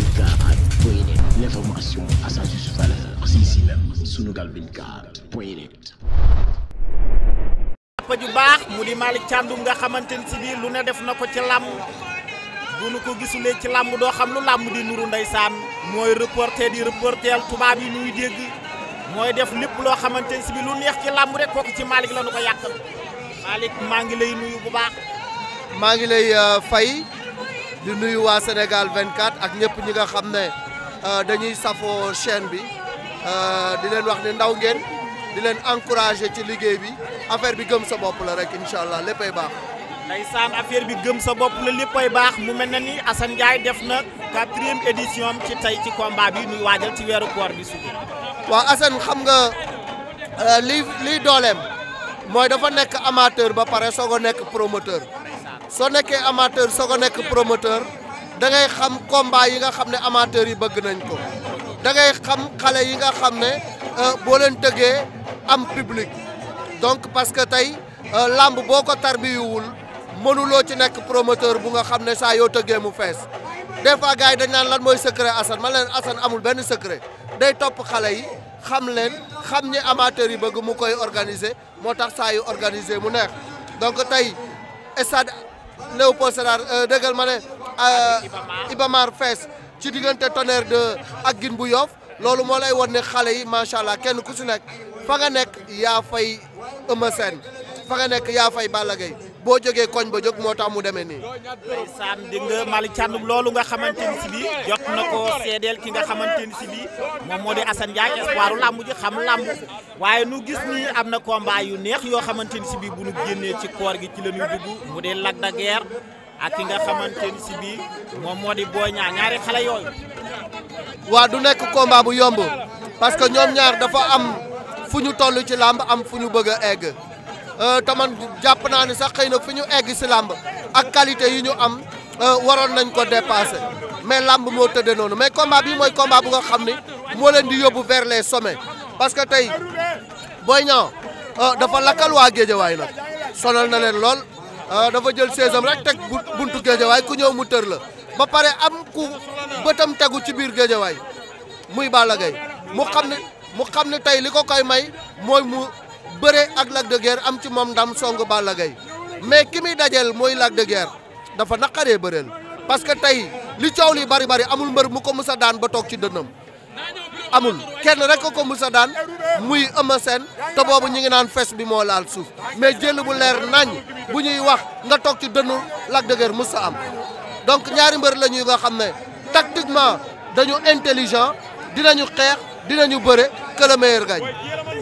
24 point net l'information baax mu di Malick Thiandoum nga xamante ni si biir lu ne def na ko ci làmb bu nu ko gisulee ci làmb doo xam lu làmb di nuru ndeysaan mooy reporter di reporter tubaab yi ñuy dégg mooy def lépp loo xamante ni si bi lu neex ci làmb rek kooku ci Malick la ko yàqal Malick maa ngi lay nuyu bu baax maa ngi lay euh, fay di nuyu waa Sénégal 24 ak ñëpp ñi nga xam ne euh, dañuy safoo chaîne bi euh, di leen wax ne ndaw ngeen di leen encouragé ci liggéey bi affaire bi gëm sa bopp la rek incha allah léppay baax. ndeysaan affaire bi gëm sa bopp la léppay baax mu mel na ni Assane Ndiaye def na quatrième édition ci tey ci combat bi ñuy waajal ci weeru koor bi suba. waaw Assane xam nga euh, li lii dooleem mooy dafa nekk amateur ba pare soog a nekk promoteur. soo nekkee amateur soo ko nekk promoteur da ngay xam combat yi nga xam ne amateur yi bëgg nañ ko da ngay xam xale yi nga xam ne euh, boo leen tëggee am public donc parce que tey euh, làmb boo ko tarbiyuwul mënuloo ci nekk promoteur bu nga xam ne saa yoo tëggee mu fees des fois gars yi dañ naan lan mooy secret Assane man leen Assane amul benn secret day topp xale yi xam leen xam ñi amateurs yi bëgg mu koy organiser moo tax saa yu organiser mu neex donc tey Léopold Sédar euh, dëggal ma ne euh, Fees ci diggante Tonnerre de ak Guine bu Yoff loolu moo lay wan ne xale yi macha allah kenn ku si nekk fa nga nekk yaafay fay Eumeu nga nekk yaa fay Balla Gaye boo jógee koñ ba jóg moo tax mu demee nii. ndeysaan dégg nga Malick Thiandoum loolu nga xamante ni si jot na ko seedeel ki nga xamante ni si bi moom moo di Assane waa espoiru làmb ji xam làmb waaye nu gis nii am na combat yu neex yoo xamante ni si bi bu nu génnee ci koor gi ci la ñuy dugg mu dee Lac de Guiers ak ki nga xamante ni si bi moom moo di Boy Niang ñaari xale yooyu. waa du nekk combat bu yomb parce que ñoom ñaar dafa am fu ñu toll ci làmb am fu ñu bëgg a egg. Euh, te man jàpp naa ne sax xëy na fi ñu egg si làmb ak qualité yi ñu am euh, waroon nañ ko dépassé mais làmb moo tëddee noonu mais combat bi mooy combat bu nga xam ni moo leen di yóbbu vers les sommets parce que tey Boy Niang euh, dafa lakkal waa Géejawaay nag sonal na leen lool dafa jël saison rek teg buntu Géejawaay ku ñëw mu tër la ba pare am ku bëtam tegu ci biir Géejawaay muy Balla Gaye mu xam ne mu xam ne tey li ko koy may mooy mu. bëre ak Lac de am ci moom ndam songu Balla Gaye mais ki muy dajeel mooy Lac de Guiers dafa naqaree bëreel parce que tey li coow li bari bari amul mbër mu ko mës a daan ba toog ci dënnam amul kenn rek ko ko mës a daan muy Eumeu Sène te boobu ñu ngi naan fees bi moo laal suuf mais jël bu leer nañ bu ñuy wax nga toog ci dënnu Lac de Guiers am donc ñaari mbër la nga xam ne tactiquement dañu intelligent dinañu xeex dinañu bëre que le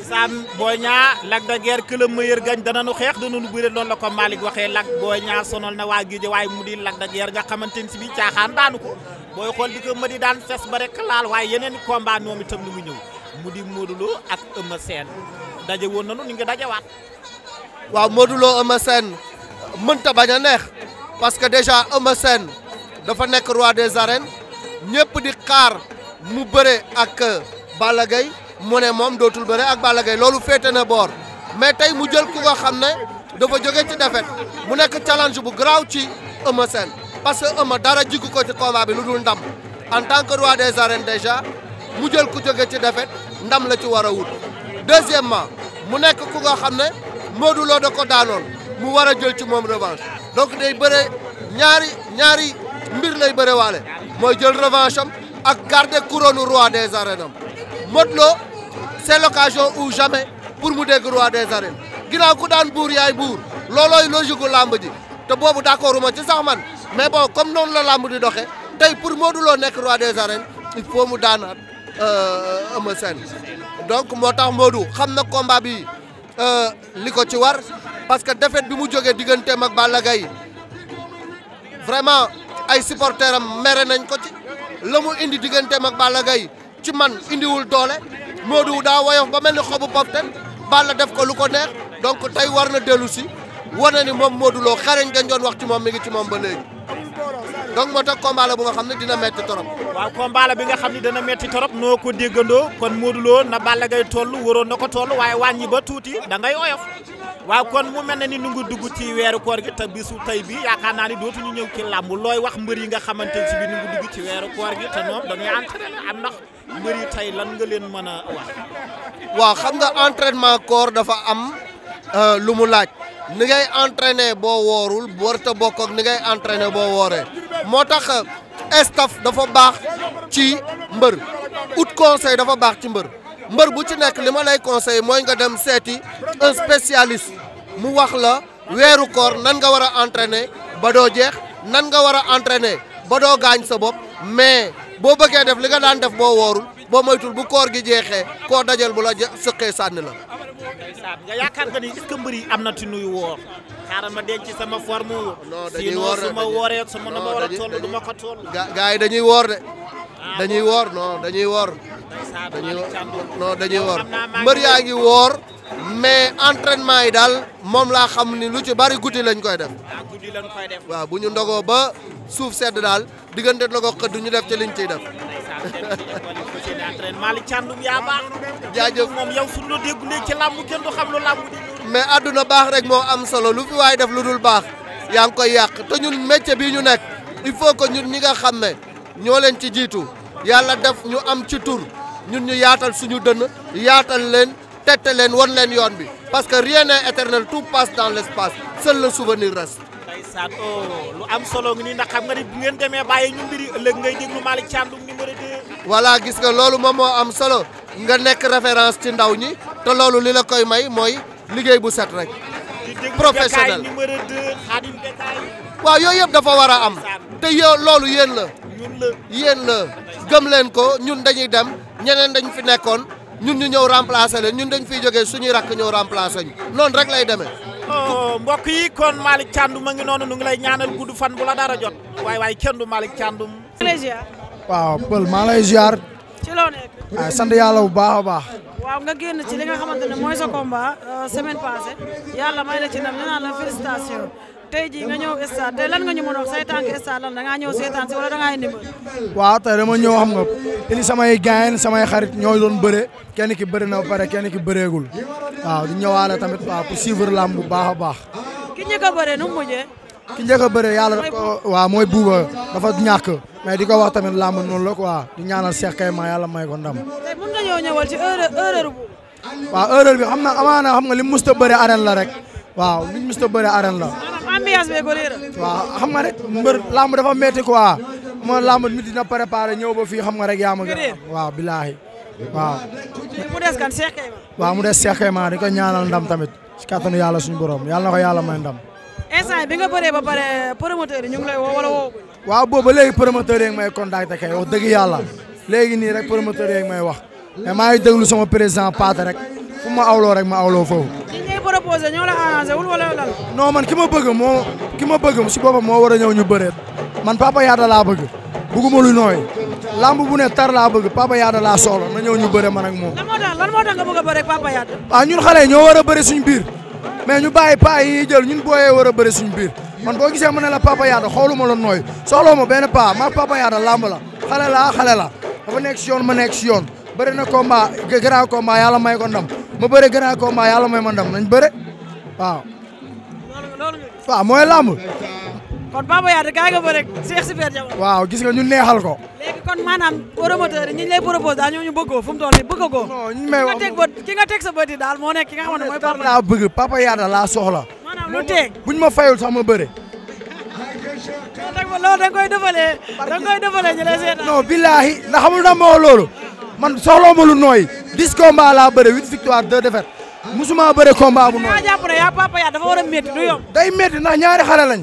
ndeysaan Boy Niang Lac de ma que le meilleur gagne danañu xeex danañu bëre loolu la ko Malick waxee Lac Boy Niang sonal na waa géej waaye mu di Lac nga xamante ni si bi caaxaan daanu ko booy xool di ko ma di daan fes ba rek laal waaye yeneen combat ñoom itam ni mu ñëw mu di Modou Lo ak Eumeu Sène daje woon nañu ñu ngi dajewaat. waaw Modou Lo Eumeu Sène mënta bañ a neex parce que déjà Eumeu dafa nekk roi des arènes ñëpp di xaar mu bëre ak Balla mu ne moom dootul bëre ak Balla loolu féete na boor mais tey mu jël ku nga xam ne dafa jóge ci défaite mu nekk challenge bu garaaw ci Eumeu Sène parce que Eumeu dara jikku ko ci combat bi lu dul ndam en tant que roi des arènes déjà mu jël ku jóge ci défaite ndam la ci war a wut deuxièmement mu nekk ku nga xam ne Modou Lo da ko daanoon mu war a jël ci moom revanche donc day bëre ñaari ñaari mbir lay bëre waale mooy jël revanche ak garder couronne roi des arènes am moo Lo c'est l'occasion ou jamais pour mu dégg roi des arènes ginnaaw ku daan buur yaay buur loolooy logique gu làmb ji te boobu d'accord ma ci sax man mais bon comme noonu la làmb di doxee tey pour Modou Lo nekk roi des arènes il faut mu daanaat euh, Eumeu Sène donc moo tax Modou xam na combat bi euh, li ko ci war parce que défaite bi mu jógee digganteem ak Balla Gaye vraiment ay supporters am mere nañ ko ci la mu indi digganteem ak Balla Gaye ci man indiwul doole Modou daa woyof ba mel ni xobu bofte Balla def ko lu ko neex donc tey war na dellu si war na ni moom Modou Lo xarañ nga wax ci moom mi ngi ci moom ba léegi donc moo tax combat la bu nga xam ne dina metti torop waaw combat bi nga xam ne dana metti torop noo ko déggandoo kon Modou Lo na Balla gay toll waroon na ko toll waaye wàññi ba tuuti da oyof waaw kon mu mel na ni nu ngi dugg ci weeru koor gi te bisu tey bi yaakaar naa ni ñu ñëw ci làmb looy wax mbër yi nga xamante si bi nu ngi dugg ci weeru koor gi te ñoom dañuy entraîné am ndax mbër yi tey lan nga leen mën a wax waaw xam nga entraînement koor dafa am euh, lu mu laaj ni ngay entraîné boo woorul warta bokk ak ni ngay entraîné boo wooree moo tax euh, staff dafa baax ci mbër ut conseil dafa baax ci mbër mbër bu ci nekk li ma lay conseil mooy nga dem seeti un spécialiste mu wax la weeru koor nan nga war a entraîner ba doo jeex nan nga war a entraîner ba doo gaañ sa bopp mais boo bëggee def li nga daan def boo woorul boo moytul bu koor gi jeexee koo dajal bu la sëqee sànni la. nga yaakaar nga ni est-ce mbër yi am na ci nuyu woor. xaaral ma denc sama forme. non dañuy woor de sinon su ma na ma war a toll du ma ko toll. gaa yi dañuy woor de. Ah, dañuy woor non dañuy woor. dañuy non dañuy woor mbër yaa ngi woor mais entraînement yi daal moom laa xam ni lu ci bari guddi lañ koy def ah, waaw bu ñu ndogoo ba suuf sedd daal diggante ndogoo xëdd ñu def ci liñ ciy def Malick Thiandoum ci làmb kenn du xam lu làmb mais àdduna baax rek moo am solo lu fi waay def lu dul baax yaa ngi koy yàq te ñun métier bi ñu nekk il faut ko ñun ñi nga xam ne ñoo leen ci jiitu yàlla def ñu am ci tur ñun ñu yaatal suñu dënn yaatal leen tette leen won leen yoon bi parce que rien n'est éternel tout passe dans l'espace seul le souvenir reste. ndeysaan lu am solo ngi nii ndax xam nga ni ngeen demee bàyyi ñu mbiri ëllëg ngay voilà gis nga loolu moom moo am solo nga nekk référence ci ndaw ñi te loolu li la koy may mooy liggéey bu set rek. professionnel numéro waaw yooyu yëpp dafa war a am te yow loolu yéen la. ñun la yéen la gëm leen ko ñun dañuy dem. ñeneen dañ fi nekkoon ñun ñu ñëw remplacer leen ñun dañ fiy jógee suñuy rakk ñëw remplacer ñu noonu rek lay demee. Oh, mbokk yi kon Malick Thiandoum ma ngi noonu nu ngi lay ñaanal gudd fan bu la dara jot. waaye waaye kenn du Malick Thiandoum. waaw Pël maa lay ziar. ci loo nekk. waaw ah, sant yàlla bu baax a baax. waaw nga génn ci li nga xamante ne mooy sa combat euh, semaine passée yàlla may la ci ndam ñu naan la félicitation tey jii nga ñëw stade tey lan nga ñu mën a wax say tànk stade lan da ngaa ñëw seetaan si wala da ngaa indi waaw tey dama ñëw xam nga indi samay gaayen samay xarit ñoo loon bëre kenn ki bëri na ba pare kenn ki bëreegul waaw di ñëwaale tamit waaw pour suivre lamb bu baax a baax. ki ñu ko nu mu ki njëkk a bëre yàlla daf waaw mooy buuba dafa ñàkk mais di ko wax tamit làmb noonu la quoi di ñaanal Cheikh maa yàlla may ko ndam. tey mën nga ñëw ñëwal ci bi xam na amaana xam nga li mu mës a bëre arène la rek waaw li mu mës bëre arène la. ambiance bee xam nga rek mbër làmb dafa métti quoi ma làmb mi dina préparé ñëw ba fii xam nga rek yaa ma gën waaw bilaahi waaw. mu des kan Cheikh Kayma. ñaanal ndam tamit ci kàttanu yàlla suñu borom yàlla na ko yàlla may ndam instant bi nga bëree ba pare promoteur yi ñu ngi lay woo wala woo. waaw boobu ba léegi promoteur yi may contacté kay wax dëgg yàlla léegi nii rek promoteur yi may wax mais maa ngi déglu sama président Paate rek fu ma awloo rek ma awloo foofu. ñi ngay proposé ñoo la arrangé wul wala lan. non man ki ma bëgg moo ki ma bëgg si boppam moo war a ñëw ñu bëreet man Papa Yada laa bëgg bëgguma lu nooy lamb bu ne tar laa bëgg Papa Yada laa soxla na ñëw ñu bëre man ak moom. lan moo tax lan moo tax nga bëgg a bëre ak Papa Yada. ah ñun xale ñoo war a bëre suñu biir. mais ñu bàyyi paa yi jël ñun booyee war a bëri suñu biir man boo gisee ma a la Papa Yada xooluma la nooy soxla ma benn paa ma Papa Yada làmb la xale la xale la dafa nekk si ma nekk si yoon bëri na combat grand combat yàlla may ko ndam ma bëri grand combat yàlla may ma ndam nañ bëre waaw. waaw mooy làmb. kon Papa Yada gaa nga bëre Cheikh Super Diamane. waaw gis nga ñu neexal ko. léegi kon maanaam promoteur yi ñu lay proposé daal ñoo ñu bëggoo fu mu toll nii ki nga teg sa bët yi daal moo nekk ki nga ne mooy papa laa bëgg papa Yada laa soxla. maanaam lu teg buñ ma fayul sax ma bëre. loolu da nga koy defalee da nga koy defalee ñu xamul na moo loolu man soxla ma lu nooy dix combats laa bëre huit victoire deux défaites musuma bëre combat bu nooy. day métti ndax ñaari xale lañ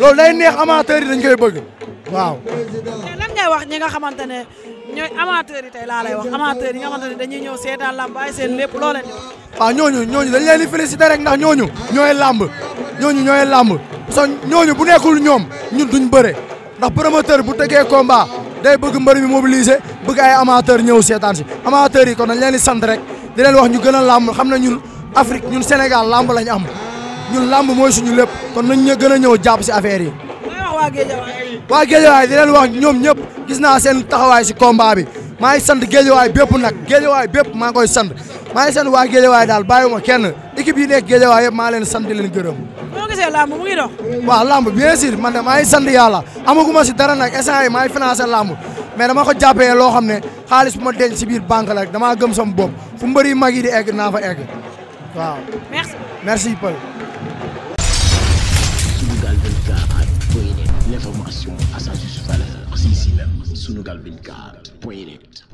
loolu day neex amateur yi dañ koy bëgg waaw. ñooy amateurs yi tey laa lay wax amateurs yi nga xamante ne dañuy ñëw seetaan làmb ay seen lépp loo leen waaw ñooñu ñooñu dañ leen di féliciter rek ndax ñooñu ñooy lamb ñooñu ñooy làmb so ñooñu bu nekkul ñoom ñun duñ bëre ndax promoteur bu tegee combat day bëgg mbër mi mobiliser bëgg ay amateur ñëw seetaan si amateurs yi kon dañ leen di sant rek di leen wax ñu gën a làmb xam na ñun Afrique ñun Sénégal làmb lañ am ñun làmb mooy suñu lépp kon nañ ñu gën a ñëw jàpp si affaire yi waa Géejawaay di leen wax ñoom ñëpp gis naa seen taxawaay si combat bi maa ngi sant Géejawaay bépp nag Géejawaay bépp maa ngi koy sant maa ngi sant waa Géejawaay daal baay bàyyiwuma kenn équipe yi nekk Géejawaay yëpp maa leen sant di leen gërëm. boo gisee làmb mu ngi dox. waaw làmb bien sûr man maa ngi sant yàlla amaguma si dara nag instant yii maa ngi financé làmb mais dama ko jàppee loo xam ne xaalis bu ma denc si biir banque la damaa gëm sama bopp fu mbëri mag yi di egg naa fa egg waaw. merci merci l'information à sa juste valeur. Ici même, sunugal24.net